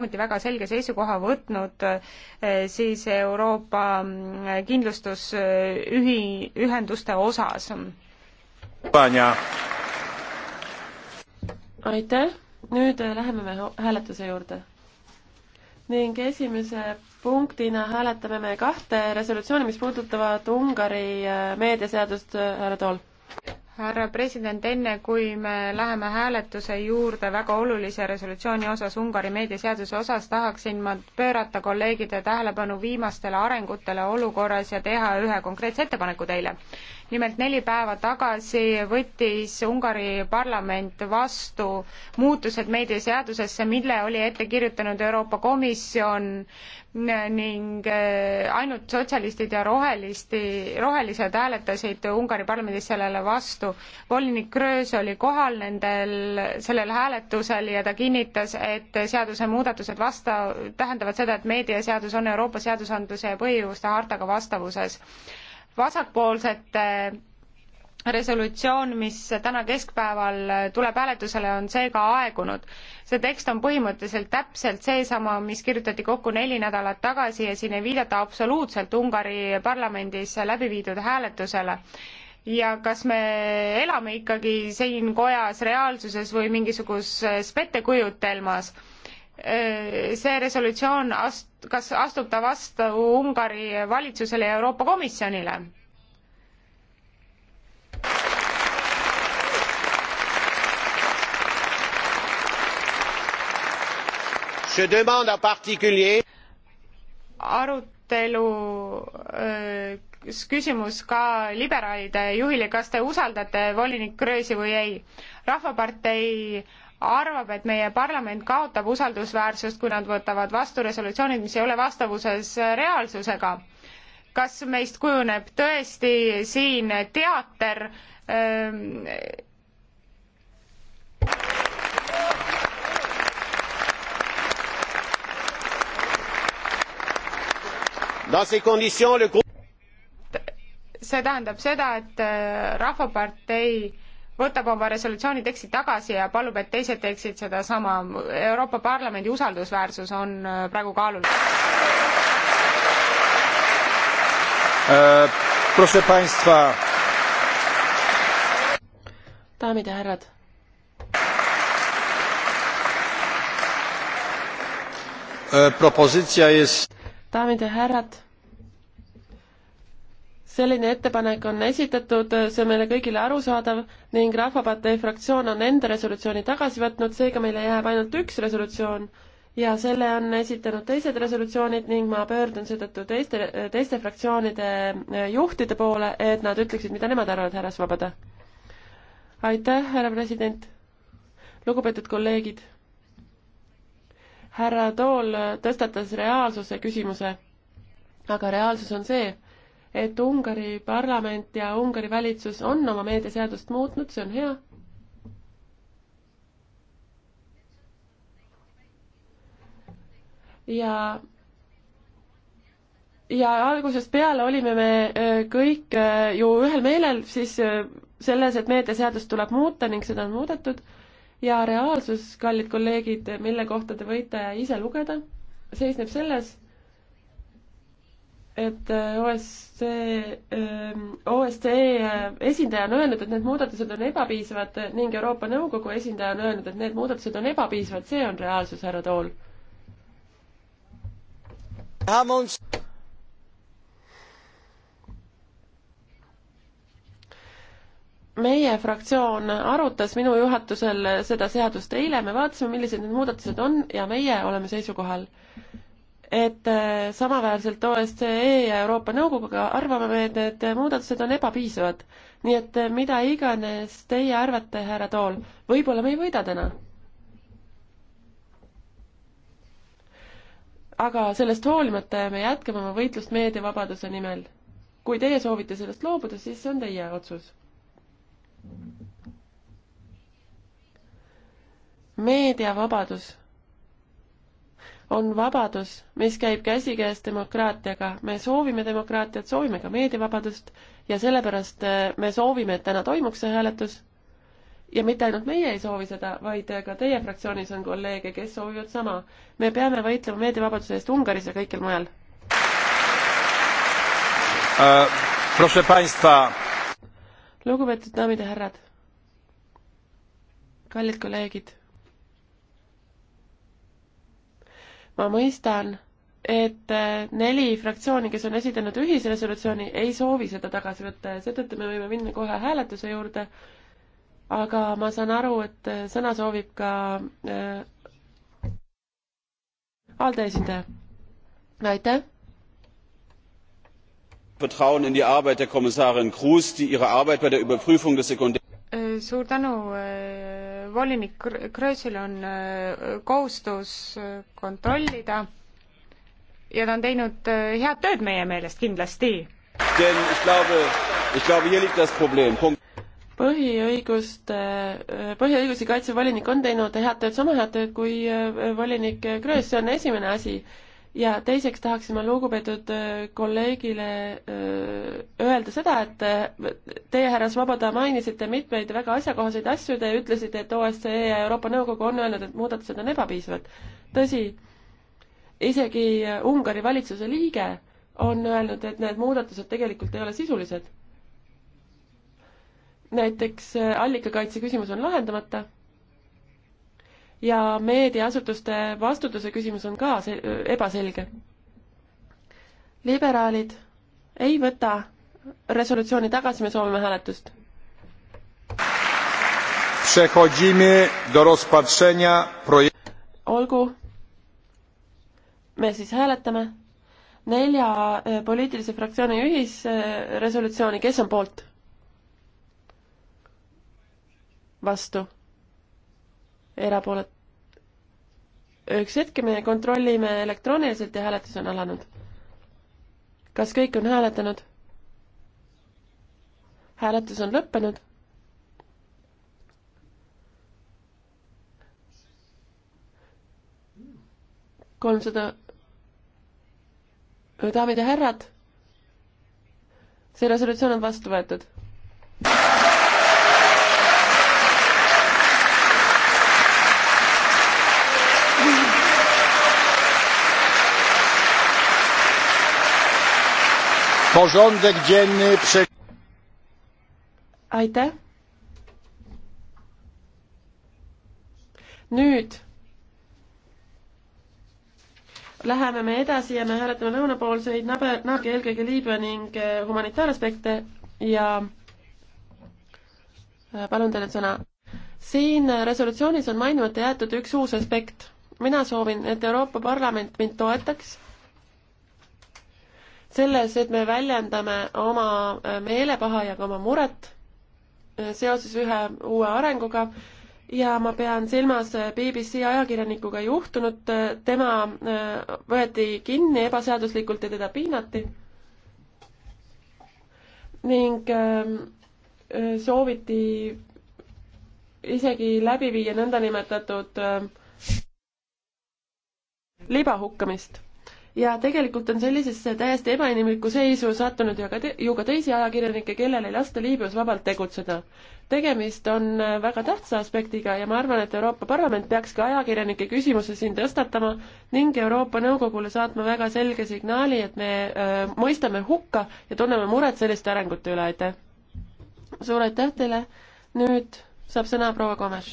samuti väga selge seisukoha võtnud eh, siis Euroopa mm, kindlustusühi, ühenduste osas. aitäh, nüüd läheme me hääletuse juurde. ning esimese punktina hääletame me kahte resolutsiooni, mis puudutavad Ungari eh, meediaseadust, härra Tool härra president, enne kui me läheme hääletuse juurde väga olulise resolutsiooni osas Ungari meediaseaduse osas, tahaksin ma pöörata kolleegide tähelepanu viimastele arengutele olukorras ja teha ühe konkreetse ettepaneku teile nimelt neli päeva tagasi võttis Ungari parlament vastu muutused meediaseadusesse, mille oli ette kirjutanud Euroopa Komisjon ning äh, ainult sotsialistid ja rohelisti, rohelised hääletasid Ungari parlamendis sellele vastu. volinik Kröös oli kohal nendel, sellel hääletusel ja ta kinnitas, et seadusemuudatused vasta, tähendavad seda, et meediaseadus on Euroopa seadusandluse ja põhiõiguste hartaga vastavuses vasakpoolsete resolutsioon, mis täna keskpäeval tuleb hääletusele, on seega aegunud. see tekst on põhimõtteliselt täpselt seesama, mis kirjutati kokku neli nädalat tagasi ja siin ei viidata absoluutselt Ungari parlamendis läbi viidud hääletusele ja kas me elame ikkagi siin kojas reaalsuses või mingisuguses pettekujutelmas Äh, see resolutsioon ast-, kas astub ta vastu Ungari valitsusele ja Euroopa Komisjonile? arutelu äh, küsimus ka liberaalide juhile, kas te usaldate volinik Kröösi või ei. rahvapartei arvab, et meie parlament kaotab usaldusväärsust, kui nad võtavad vastu resolutsioonid, mis ei ole vastavuses reaalsusega. kas meist kujuneb tõesti siin teater ähm, see tähendab seda, et äh, Rahvapartei võtab oma resolutsiooni teksti tagasi ja palub, et teised teeksid sedasama. Euroopa Parlamendi usaldusväärsus on äh, praegu kaalul äh,. Proszę Państwa. daamid ja härrad. Äh, propozycja jest. daamid ja härrad selline ettepanek on esitatud, see on meile kõigile arusaadav ning Rahvapartei fraktsioon on enda resolutsiooni tagasi võtnud, seega meile jääb ainult üks resolutsioon ja selle on esitanud teised resolutsioonid ning ma pöördun seetõttu teiste, teiste fraktsioonide juhtide poole, et nad ütleksid, mida nemad arvavad, härra Svoboda. aitäh, härra president. lugupeetud kolleegid. härra Tool tõstatas reaalsuse küsimuse, aga reaalsus on see et Ungari parlament ja Ungari valitsus on oma meediaseadust muutnud, see on hea. ja ja algusest peale olime me äh, kõik äh, ju ühel meelel siis äh, selles, et meediaseadust tuleb muuta ning seda on muudetud ja reaalsus, kallid kolleegid, mille kohta te võite ise lugeda, seisneb selles, et OSCE, äh, OSCE ähm, äh, esindaja on öelnud, et need muudatused on ebapiisavad äh, ning Euroopa Nõukogu esindaja on öelnud, et need muudatused on ebapiisavad, see on reaalsus, härra Tool. meie fraktsioon arutas minu juhatusel seda seadust eile, me vaatasime, millised need muudatused on ja meie oleme seisukohal, et äh, samaväärselt OSCE ja Euroopa Nõukoguga arvame me, et need muudatused on ebapiisavad. nii et äh, mida iganes teie arvate, härra Tool, võib-olla me ei võida täna. aga sellest hoolimata me jätkame oma võitlust meediavabaduse nimel. kui teie soovite sellest loobuda, siis see on teie otsus. meediavabadus on vabadus, mis käib käsikäes demokraatiaga. me soovime demokraatiat, soovime ka meediavabadust ja sellepärast äh, me soovime, et täna toimuks see hääletus. ja mitte ainult meie ei soovi seda, vaid äh, ka teie fraktsioonis on kolleege, kes soovivad sama. me peame võitlema meediavabaduse eest Ungaris ja kõikjal mujal äh,. lugupeetud daamid ja härrad, kallid kolleegid ma mõistan, et äh, neli fraktsiooni, kes on esitanud ühisresolutsiooni, ei soovi seda tagasi võtta ja seetõttu me võime minna kohe hääletuse juurde. aga ma saan aru, et äh, sõna soovib ka äh, ALDE esindaja. aitäh vertrauen in die arbeit der kommissarin kroes die ihre arbeit bei der überprüfung des sekundärs äh, volinik Kröösil on äh, kohustus äh, kontrollida ja ta on teinud äh, head tööd meie meelest kindlasti. põhiõiguste, põhiõigusi kaitsev volinik on teinud head tööd, sama head tööd kui volinik Kröös, see on esimene asi ja teiseks tahaksin ma lugupeetud äh, kolleegile äh, öelda seda, et äh, teie, härra Svoboda, mainisite mitmeid väga asjakohaseid asju, te ütlesite, et OSCE ja Euroopa Nõukogu on öelnud, et muudatused on ebapiisavad. tõsi, isegi Ungari valitsuse liige on öelnud, et need muudatused tegelikult ei ole sisulised. näiteks allikakaitse küsimus on lahendamata ja meediaasutuste vastutuse küsimus on ka ebaselge. liberaalid ei võta resolutsiooni tagasi, me soovime hääletust. olgu, me siis hääletame nelja e, poliitilise fraktsiooni ühisresolutsiooni, kes on poolt? vastu erapoolet-. üks hetk, me kontrollime elektrooniliselt ja hääletus on alanud. kas kõik on hääletanud? hääletus on lõppenud. kolmsada, daamid ja härrad, see resolutsioon on vastu võetud. porządek dzienny prze... aitäh. nüüd läheme me edasi ja me hääletame lõunapoolseid naber, naabri eelkõige Liibüa ning eh, humanitaaraspekte ja eh, palun teile sõna. siin resolutsioonis on mainimata jäetud üks uus aspekt. mina soovin, et Euroopa Parlament mind toetaks selles, et me väljendame oma äh, meelepaha ja ka oma muret äh, seoses ühe uue arenguga ja ma pean silmas äh, BBC ajakirjanikuga juhtunut, tema võeti kinni ebaseaduslikult ja teda piinati. ning ähm, sooviti isegi läbi viia nõndanimetatud libahukkamist ja tegelikult on sellisesse täiesti ebainimlikku seisu sattunud ju ka, te, ju ka teisi ajakirjanikke, kellel ei lasta Liibüas vabalt tegutseda. tegemist on äh, väga tähtsa aspektiga ja ma arvan, et Euroopa Parlament peaks ka ajakirjanike küsimuse siin tõstatama ning Euroopa Nõukogule saatma väga selge signaali, et me öö, äh, mõistame hukka ja tunneme muret selliste arengute üle, aitäh! suur aitäh teile, nüüd saab sõna proua Komes.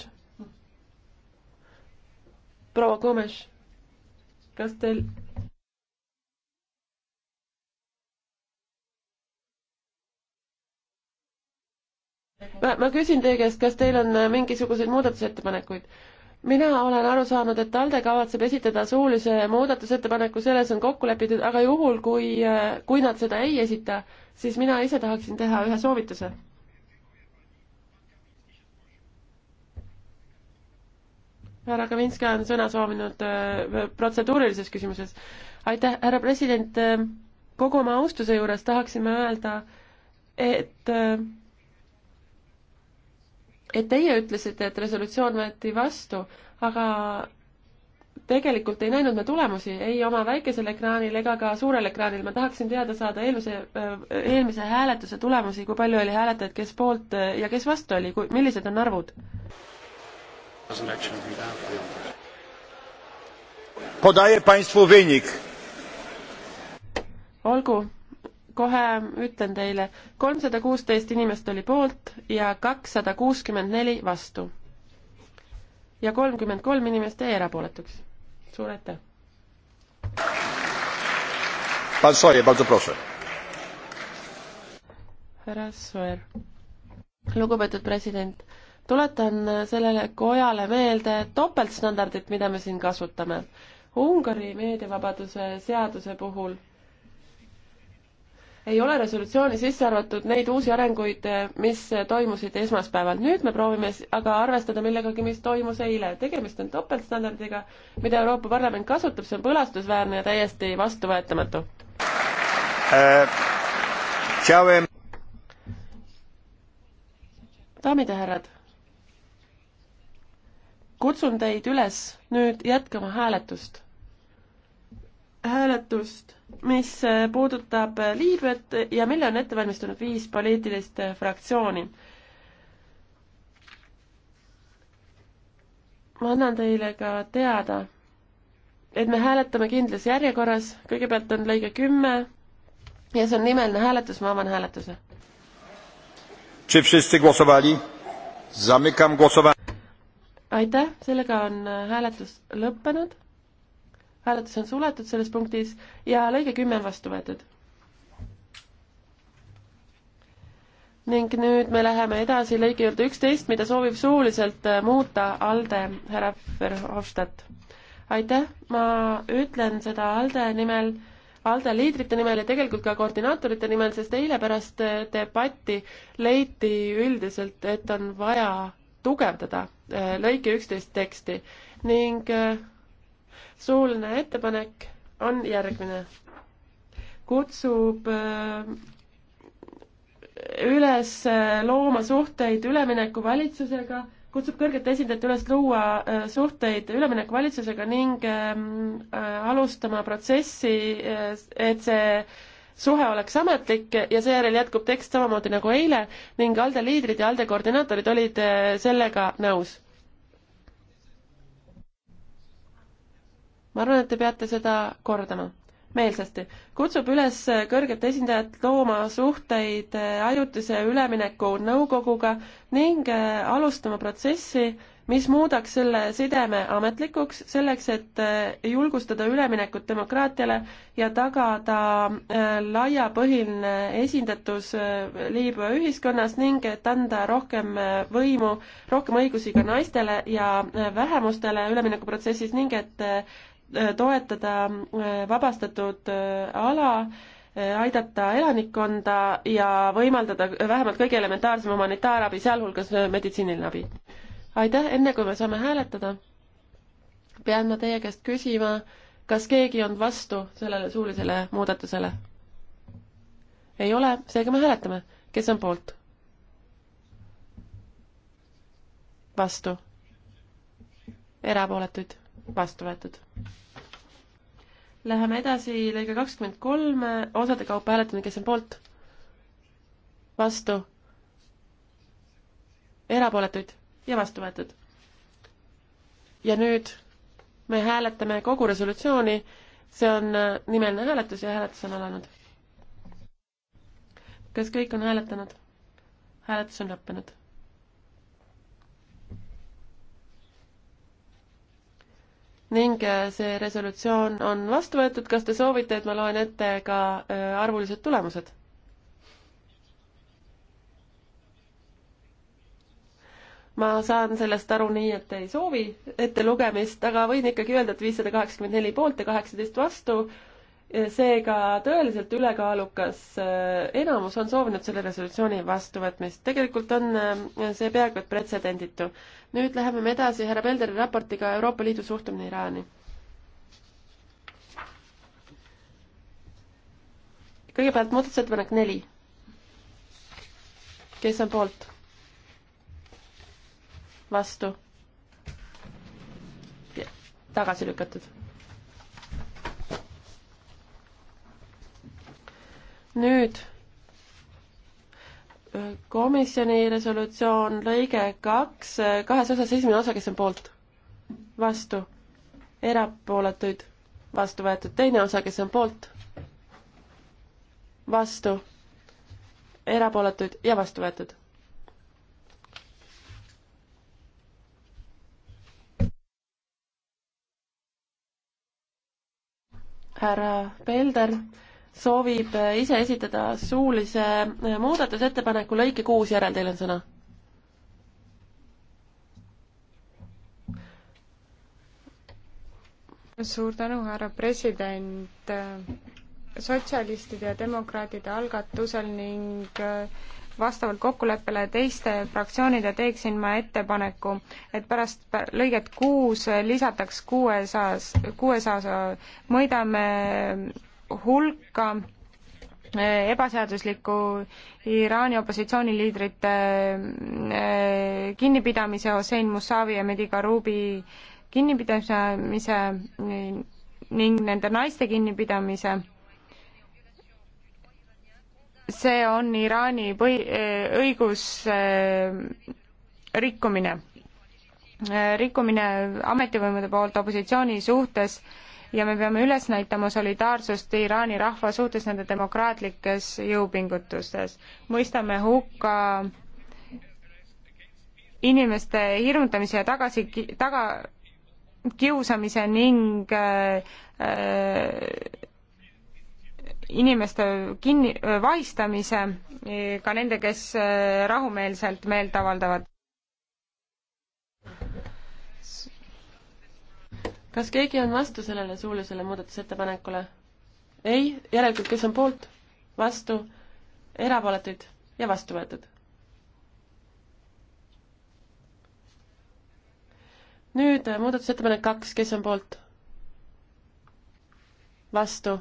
proua Komes, kas teil ma, ma küsin teie käest, kas teil on äh, mingisuguseid muudatusettepanekuid? mina olen aru saanud, et ALDE kavatseb esitada suulise muudatusettepaneku, selles on kokku lepitud, aga juhul, kui, äh, kui nad seda ei esita, siis mina ise tahaksin teha ühe soovituse. härra Kaminski on sõna soovinud äh, protseduurilises küsimuses. aitäh, härra president äh,, kogu oma austuse juures tahaksime öelda, et äh, et teie ütlesite, et resolutsioon võeti vastu, aga tegelikult ei näinud me tulemusi ei oma väikesel ekraanil ega ka suurel ekraanil. ma tahaksin teada saada eelmise, äh, eelmise hääletuse tulemusi, kui palju oli hääletajaid, kes poolt äh, ja kes vastu oli, kui, millised on arvud? podaję państwu wynik. olgu, kohe ütlen teile, kolmsada kuusteist inimest oli poolt ja kakssada kuuskümmend neli vastu. ja kolmkümmend kolm inimest jäi erapooletuks. suur aitäh! härra Soer, lugupeetud president, tuletan sellele kojale meelde topeltstandardit, mida me siin kasutame. Ungari meediavabaduse seaduse puhul ei ole resolutsiooni sisse arvatud neid uusi arenguid, mis toimusid esmaspäeval. nüüd me proovime aga arvestada millegagi, mis toimus eile. tegemist on topeltstandardiga, mida Euroopa Parlament kasutab, see on põlastusväärne ja täiesti vastuvõetamatu äh,. daamid ja härrad, kutsun teid üles nüüd jätkama hääletust hääletust, mis puudutab Liibüat ja mille on ette valmistanud viis poliitilist fraktsiooni. ma annan teile ka teada, et me hääletame kindlas järjekorras, kõigepealt on lõige kümme ja see on nimeline hääletus, ma avan hääletuse. aitäh, sellega on hääletus lõppenud hääletus on suletud selles punktis ja lõige kümme on vastu võetud. ning nüüd me läheme edasi lõige juurde üksteist, mida soovib suuliselt äh, muuta ALDE härra Verhofstadt. aitäh, ma ütlen seda ALDE nimel ALDE liidrite nimel ja tegelikult ka koordinaatorite nimel, sest eile pärast äh, debatti leiti üldiselt, et on vaja tugevdada äh, lõike üksteist teksti ning suuline ettepanek on järgmine. kutsub äh, üles äh, looma suhteid üleminekuvalitsusega, kutsub kõrget esindajat üles luua äh, suhteid üleminekuvalitsusega ning ähm, alustama protsessi, et see suhe oleks ametlik ja seejärel jätkub tekst samamoodi nagu eile ning ALDE liidrid ja ALDE koordinaatorid olid sellega nõus ma arvan, et te peate seda kordama meelsasti. kutsub üles kõrget esindajat looma suhteid eh, ajutise ülemineku nõukoguga ning eh, alustama protsessi, mis muudaks selle sideme ametlikuks, selleks et eh, julgustada üleminekut demokraatiale ja tagada laiapõhiline esindatus Liibüa ühiskonnas ning et anda rohkem võimu, rohkem õigusi ka naistele ja vähemustele üleminekuprotsessis ning et Äh, toetada äh, vabastatud äh, ala, aidata elanikkonda ja võimaldada vähemalt kõige elementaarsem humanitaarabi, sealhulgas meditsiiniline abi. aitäh, enne kui me saame hääletada, pean ma teie käest küsima, kas keegi on vastu sellele suulisele muudatusele? ei ole, seega me hääletame. kes on poolt? vastu? erapooletuid? vastu võetud? Läheme edasi, lõige kakskümmend kolm, osade kaupa hääletamine, kes on poolt? vastu? erapooletuid ja vastu võetud. ja nüüd me hääletame kogu resolutsiooni, see on äh, nimeline hääletus ja hääletus on alanud. kas kõik on hääletanud? hääletus on lõppenud ning äh, see resolutsioon on vastu võetud. kas te soovite, et ma loen ette ka äh, arvulised tulemused? ma saan sellest aru nii, et ei soovi ettelugemist, aga võin ikkagi öelda, et viissada kaheksakümmend neli poolt ja kaheksateist vastu seega tõeliselt ülekaalukas äh, enamus on soovinud selle resolutsiooni vastuvõtmist. tegelikult on äh, see peaaegu et pretsedenditu. nüüd läheme me edasi härra Pelderi raportiga Euroopa Liidu suhtumine Iraani. kõigepealt muudatusettepanek neli. kes on poolt? vastu? tagasi lükatud nüüd komisjoni resolutsioon, lõige kaks, kahes osas esimene osa, kes on poolt? vastu. erapooletuid? vastu võetud. teine osa, kes on poolt? vastu. erapooletuid ja vastu võetud. härra Pelder soovib äh, ise esitada suulise äh, muudatusettepaneku lõike kuus järel, teil on sõna. suur tänu, härra president. sotsialistide ja demokraatide algatusel ning äh, vastavalt kokkuleppele teiste fraktsioonide teeksin ma ettepaneku, et pärast lõiget kuus lisataks kuuesas, kuuesas mõõdame hulka äh, ebaseadusliku Iraani opositsiooniliidrite äh, kinnipidamise, Hossein Musavi ja Mehdi Karubi kinnipidamise ning nende naiste kinnipidamise. see on Iraani põhi, äh, õigusrikkumine, rikkumine ametivõimude poolt opositsiooni suhtes ja me peame üles näitama solidaarsust Iraani rahva suhtes nende demokraatlikes jõupingutustes. mõistame hukka inimeste hirmutamise ja tagasi, taga, kiusamise ning äh, inimeste kinni, vahistamise, ka nende, kes äh, rahumeelselt meelt avaldavad. kas keegi on vastu sellele suulisele muudatusettepanekule? ei, järelikult kes on poolt, vastu, erapooletuid ja vastu võetud. nüüd äh, muudatusettepanek kaks, kes on poolt? vastu,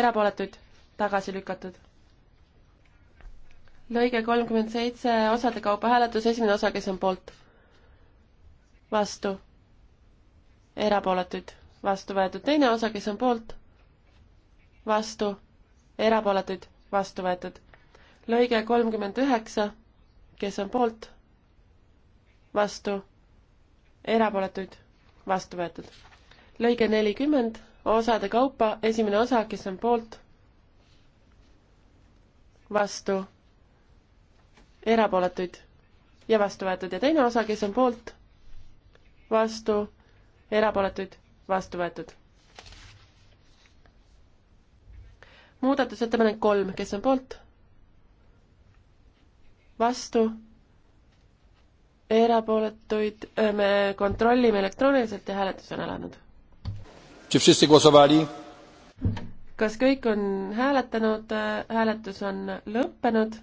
erapooletuid, tagasi lükatud. lõige kolmkümmend seitse, osade kaupa hääletus, esimene osa, kes on poolt? vastu erapooletuid, vastu võetud. teine osa, kes on poolt, vastu, erapooletuid, vastu võetud. lõige kolmkümmend üheksa, kes on poolt, vastu, erapooletuid, vastu võetud. lõige nelikümmend, osade kaupa, esimene osa, kes on poolt, vastu, erapooletuid ja vastu võetud ja teine osa, kes on poolt, vastu erapooletuid, vastu võetud. muudatusettepanek kolm, kes on poolt? vastu? erapooletuid äh, me kontrollime elektrooniliselt ja hääletus on alanud. kas kõik on hääletanud, hääletus on lõppenud?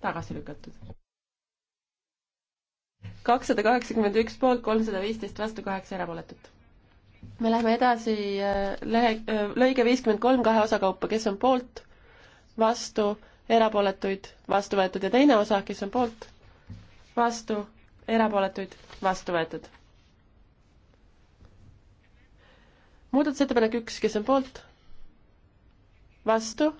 tagasi lükatud kakssada kaheksakümmend üks poolt, kolmsada viisteist vastu, kaheksa erapooletut. me läheme edasi äh, lehe, äh, lõige viiskümmend kolm kahe osa kaupa, kes on poolt, vastu, erapooletuid, vastu võetud ja teine osa, kes on poolt, vastu, erapooletuid, vastu võetud. muudatusettepanek üks, kes on poolt, vastu,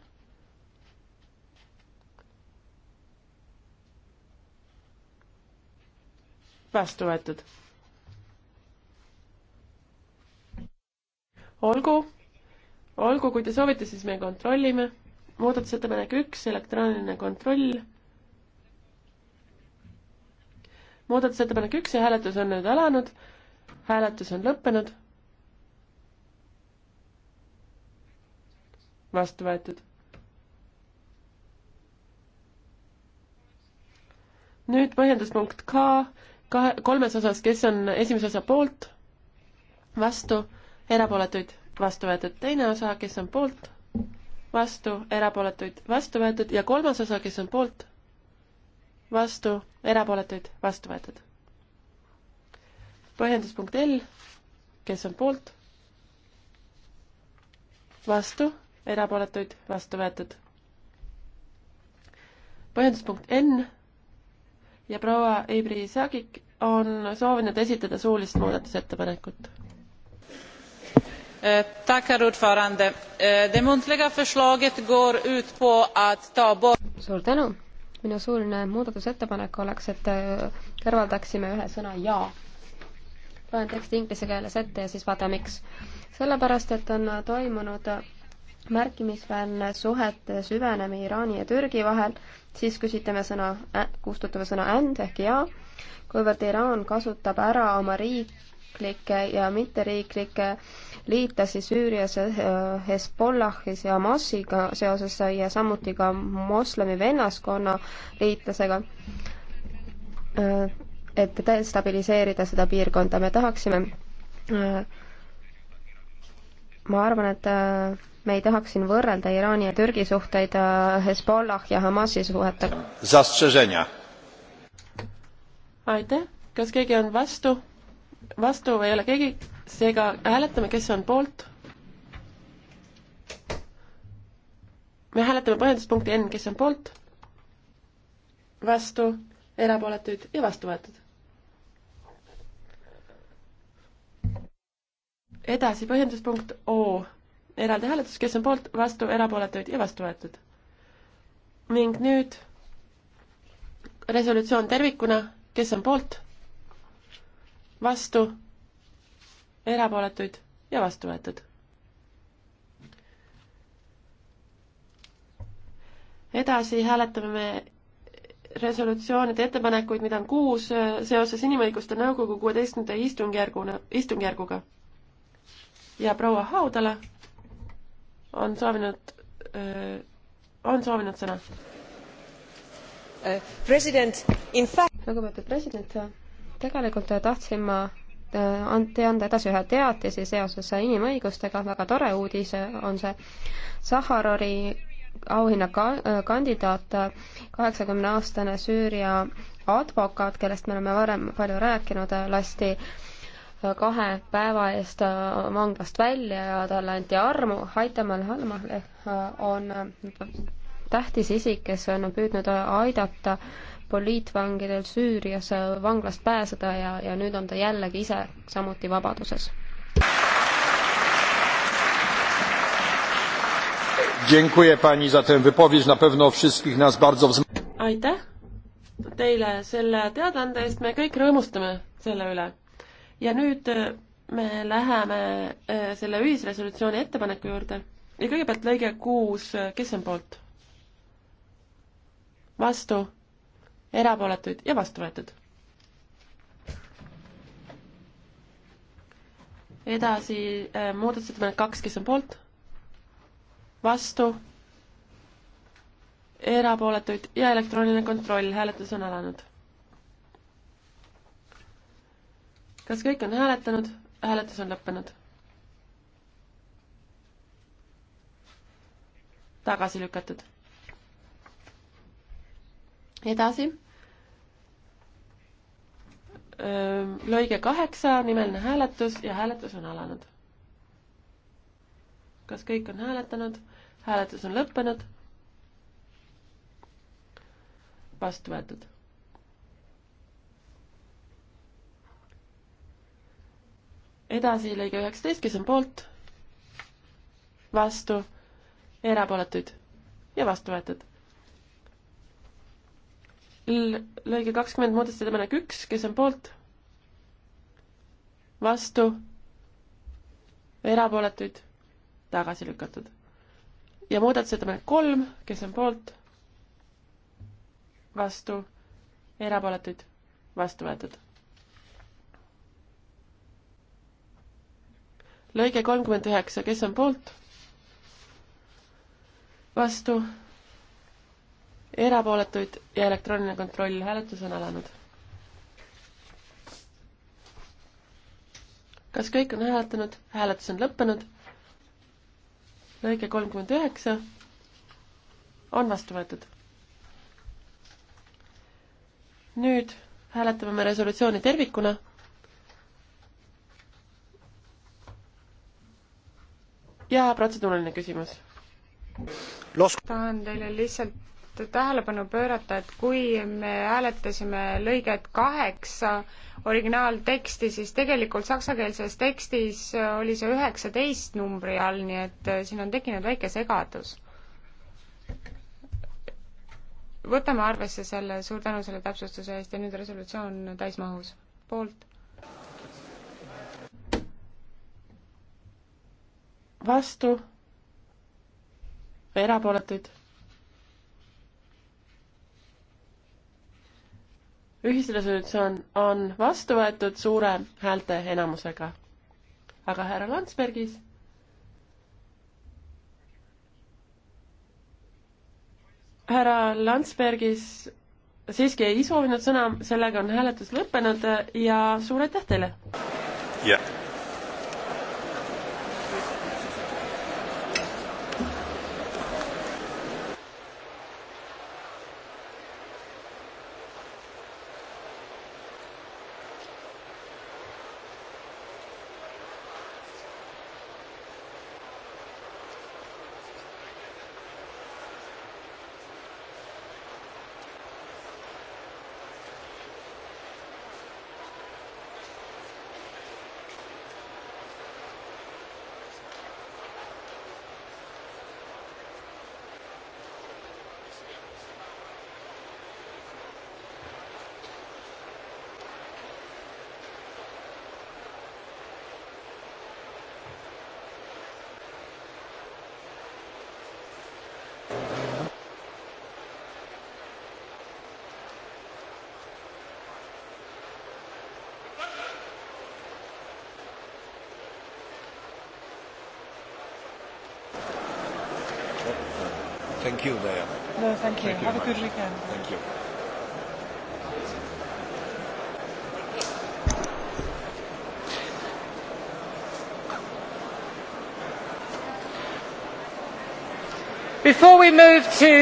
vastu võetud. olgu, olgu, kui te soovite, siis me kontrollime. muudatusettepanek üks, elektrooniline kontroll. muudatusettepanek üks ja hääletus on nüüd alanud. hääletus on lõppenud. vastu võetud nüüd põhjenduspunkt K, kahe, kolmes osas, kes on esimese osa poolt, vastu, erapooletuid, vastu võetud. teine osa, kes on poolt, vastu, erapooletuid, vastu võetud ja kolmas osa, kes on poolt, vastu, erapooletuid, vastu võetud. põhjenduspunkt L, kes on poolt, vastu, erapooletuid, vastu võetud. põhjenduspunkt N ja proua Eibri Saagik on soovinud esitada suulist muudatusettepanekut. Eh, eh, suur tänu, minu suuline muudatusettepanek oleks, et eh, kõrvaldaksime ühe sõna ja. loen teksti inglise keeles ette ja siis vaata, miks. sellepärast, et on toimunud märkimisväärne suhete süvenemine Iraani ja Türgi vahel, siis küsitleme sõna äh,, kustutame sõna and ehk ja, kuivõrd Iraan kasutab ära oma riiklikke ja mitteriiklikke liitlasi Süürias äh, Hezbollahis ja Hamasiga seoses ja samuti ka moslemi vennaskonna liitlasega äh, et destabiliseerida seda piirkonda, me tahaksime äh, ma arvan, et äh, me ei tahaks siin võrrelda Iraani ja Türgi suhteid äh, Hezbollah ja Hamasi suhetega. aitäh, kas keegi on vastu? vastu ei ole keegi, seega hääletame, kes on poolt. me hääletame põhjenduspunkti N, kes on poolt, vastu, erapooletuid ja vastu võetud. edasi põhjenduspunkt O, eraldi hääletus, kes on poolt, vastu, erapooletuid ja vastu võetud. ning nüüd resolutsioon tervikuna, kes on poolt, vastu, erapooletuid ja vastu võetud. edasi hääletame me resolutsioonide ettepanekuid, mida on kuus seoses Inimõiguste Nõukogu kuueteistkümnenda istungjärguna, istungjärguga ja proua Haudala on soovinud, äh, on soovinud sõna. Äh, president, in fact. lugupeetud president, tegelikult tahtsin ma äh, ante anda edasi ühe teatise seoses inimõigustega, väga tore uudis on see. Sahharori auhinna ka-, kandidaat, kaheksakümne aastane Süüria advokaat, kellest me oleme varem palju rääkinud, lasti äh, kahe päeva eest äh, vanglast välja ja talle anti armu. Haitamal Halmale äh, on äh, tähtis isik, kes on püüdnud aidata poliitvangidel Süürias vanglast pääseda ja, ja nüüd on ta jällegi ise samuti vabaduses. Dziękuję pani za tę wypowiedź, na pewno wszystkich nas bardzo Aitäh teile selle teadaande eest, me kõik rõõmustame selle üle ja nüüd äh, me läheme äh, selle ühisresolutsiooni ettepaneku juurde ja kõigepealt lõige kuus, äh, kes on poolt? vastu, erapooletuid ja vastu võetud. edasi muudatusettepanek kaks, kes on poolt? vastu, erapooletuid ja elektrooniline kontroll, hääletus on alanud kas kõik on hääletanud? hääletus on lõppenud. tagasi lükatud. edasi. lõige kaheksa, nimeline hääletus ja hääletus on alanud. kas kõik on hääletanud? hääletus on lõppenud. vastu võetud edasi lõige üheksateist, kes on poolt, vastu, erapooletuid ja vastu võetud. lõige kakskümmend muudatusettepanek üks, kes on poolt, vastu, erapooletuid, tagasi lükatud. ja muudatusettepanek kolm, kes on poolt, vastu, erapooletuid, vastu võetud lõige kolmkümmend üheksa, kes on poolt? vastu? erapooletuid ja elektrooniline kontroll, hääletus on alanud. kas kõik on hääletanud? hääletus on lõppenud. lõige kolmkümmend üheksa on vastu võetud. nüüd hääletame me resolutsiooni tervikuna ja protseduuriline küsimus. tahan teile lihtsalt tähelepanu pöörata, et kui me hääletasime lõiget kaheksa originaalteksti, siis tegelikult saksakeelses tekstis oli see üheksateist numbri all, nii et siin on tekkinud väike segadus. võtame arvesse selle, suur tänu selle täpsustuse eest ja nüüd resolutsioon täismahus. poolt vastu, erapooletuid. ühisresolutsioon on vastu võetud suure häälte enamusega. aga härra Landsbergis härra Landsbergis siiski ei soovinud sõna, sellega on hääletus lõppenud ja suur aitäh teile! jah yeah.. Thank you, Diana. No, thank you. Thank you Have a good weekend. Thank you.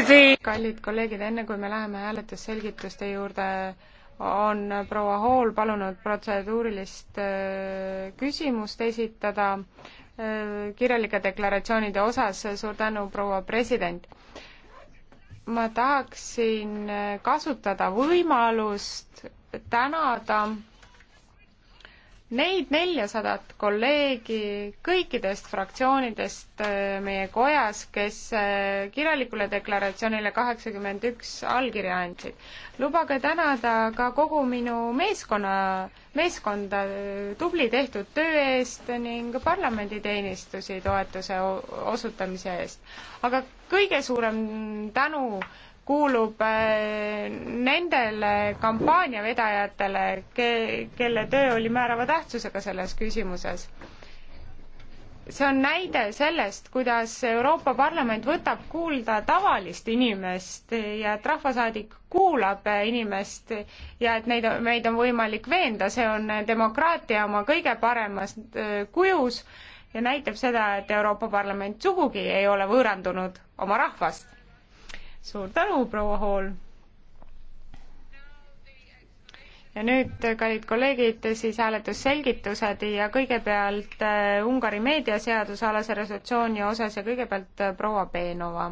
The... kallid kolleegid, enne kui me läheme hääletusselgituste juurde, on proua Hall palunud protseduurilist äh, küsimust esitada äh, kirjalike deklaratsioonide osas. suur tänu, proua president ma tahaksin kasutada võimalust tänada Neid neljasadat kolleegi kõikidest fraktsioonidest äh, meie kojas, kes äh, kirjalikule deklaratsioonile kaheksakümmend üks allkirja andsid. lubage tänada ka kogu minu meeskonna, meeskonda äh, tubli tehtud töö eest ning parlamenditeenistusi toetuse osutamise eest. aga kõige suurem tänu kuulub äh, nendele kampaaniavedajatele, ke-, kelle töö oli määrava tähtsusega selles küsimuses. see on näide sellest, kuidas Euroopa Parlament võtab kuulda tavalist inimest ja et rahvasaadik kuulab inimest ja et neid, meid on võimalik veenda, see on demokraatia oma kõige paremas äh, kujus ja näitab seda, et Euroopa Parlament sugugi ei ole võõrandunud oma rahvast suur tänu, proua Hall. ja nüüd, kallid kolleegid, siis hääletusselgitused ja kõigepealt äh, Ungari meediaseaduse alase resolutsiooni osas ja kõigepealt äh, proua Peenova